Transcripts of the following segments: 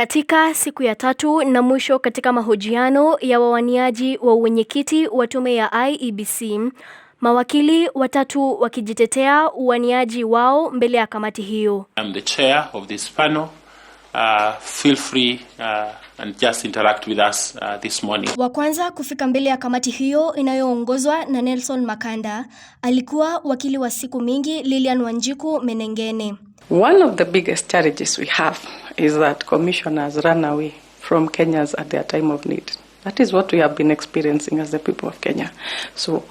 Katika siku ya tatu na mwisho katika mahojiano ya wawaniaji wa uwenyekiti wa tume ya IEBC, mawakili watatu wakijitetea uwaniaji wao mbele ya kamati hiyo. I'm the chair of this panel. Uh, feel free, uh, and just interact with us, uh, this morning. Wa kwanza kufika mbele ya kamati hiyo inayoongozwa na Nelson Makanda alikuwa wakili wa siku mingi Lilian Wanjiku Menengene. One of the biggest challenges we have is that commissioners run away from Kenyans at their time of need. That is what we have been experiencing as the people of Kenya. So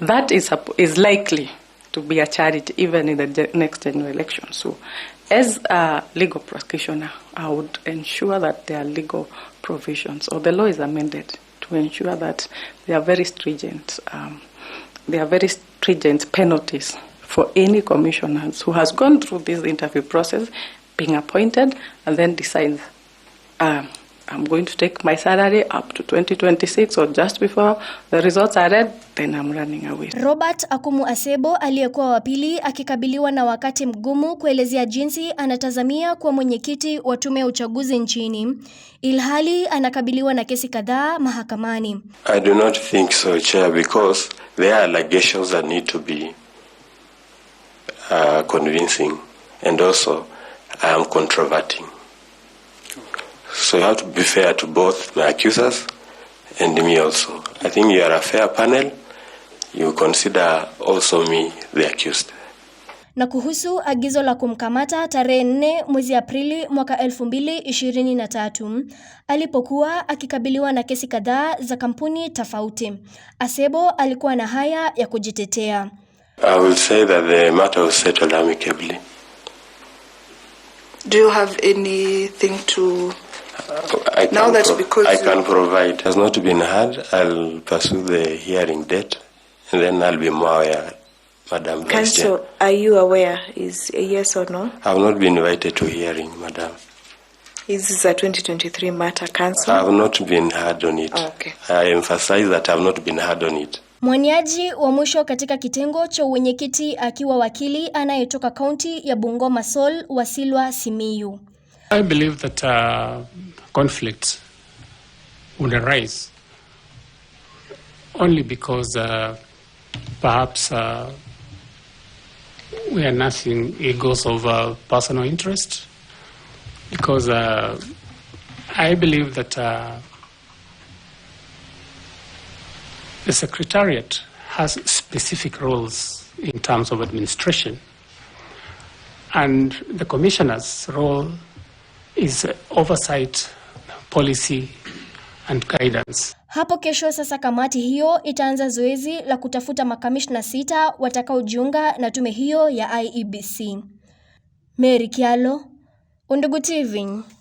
that is, is likely to be a challenge even in the next general election. So as a legal practitioner, I would ensure that there are legal provisions or the law is amended to ensure that there are very stringent, um, there are very stringent penalties for any commissioner who has gone through this interview process, being appointed, and then decides, um, I'm going to take my salary up to 2026 or just before the results are read, then I'm running away. Robert Akumu Asebo aliyekuwa wa pili akikabiliwa na wakati mgumu kuelezea jinsi anatazamia kuwa mwenyekiti wa tume ya uchaguzi nchini ilhali anakabiliwa na kesi kadhaa mahakamani. I do not think so, Chair, because there are allegations that need to be convincing and also I am controverting. So you have to be fair to both my accusers and me also. I think you are a fair panel. You consider also me the accused. Na kuhusu agizo la kumkamata tarehe nne mwezi Aprili mwaka elfu mbili ishirini na tatu alipokuwa akikabiliwa na kesi kadhaa za kampuni tofauti, Asebo alikuwa na haya ya kujitetea. I will say that the matter was settled amicably. Do you have anything to? I now that's because I can provide has not been heard. I'll pursue the hearing date, and then I'll be more aware, Madam. Council, are you aware? Is a yes or no? I have not been invited to hearing, Madam. Is this a 2023 matter, Council? I have not been heard on it. Oh, okay. I emphasize that I have not been heard on it. Mwaniaji wa mwisho katika kitengo cha uwenyekiti akiwa wakili anayetoka kaunti ya Bungoma Sol Wasilwa Simiyu. I believe that uh, conflict would arise only because uh, perhaps uh, we are nothing it goes over personal interest because uh, I believe that uh, The Secretariat has specific roles in terms of administration, and the Commissioner's role is oversight, policy and guidance. Hapo kesho sasa kamati hiyo itaanza zoezi la kutafuta makamishna sita watakaojiunga na tume hiyo ya IEBC. Mary Kyalo, Undugu TV.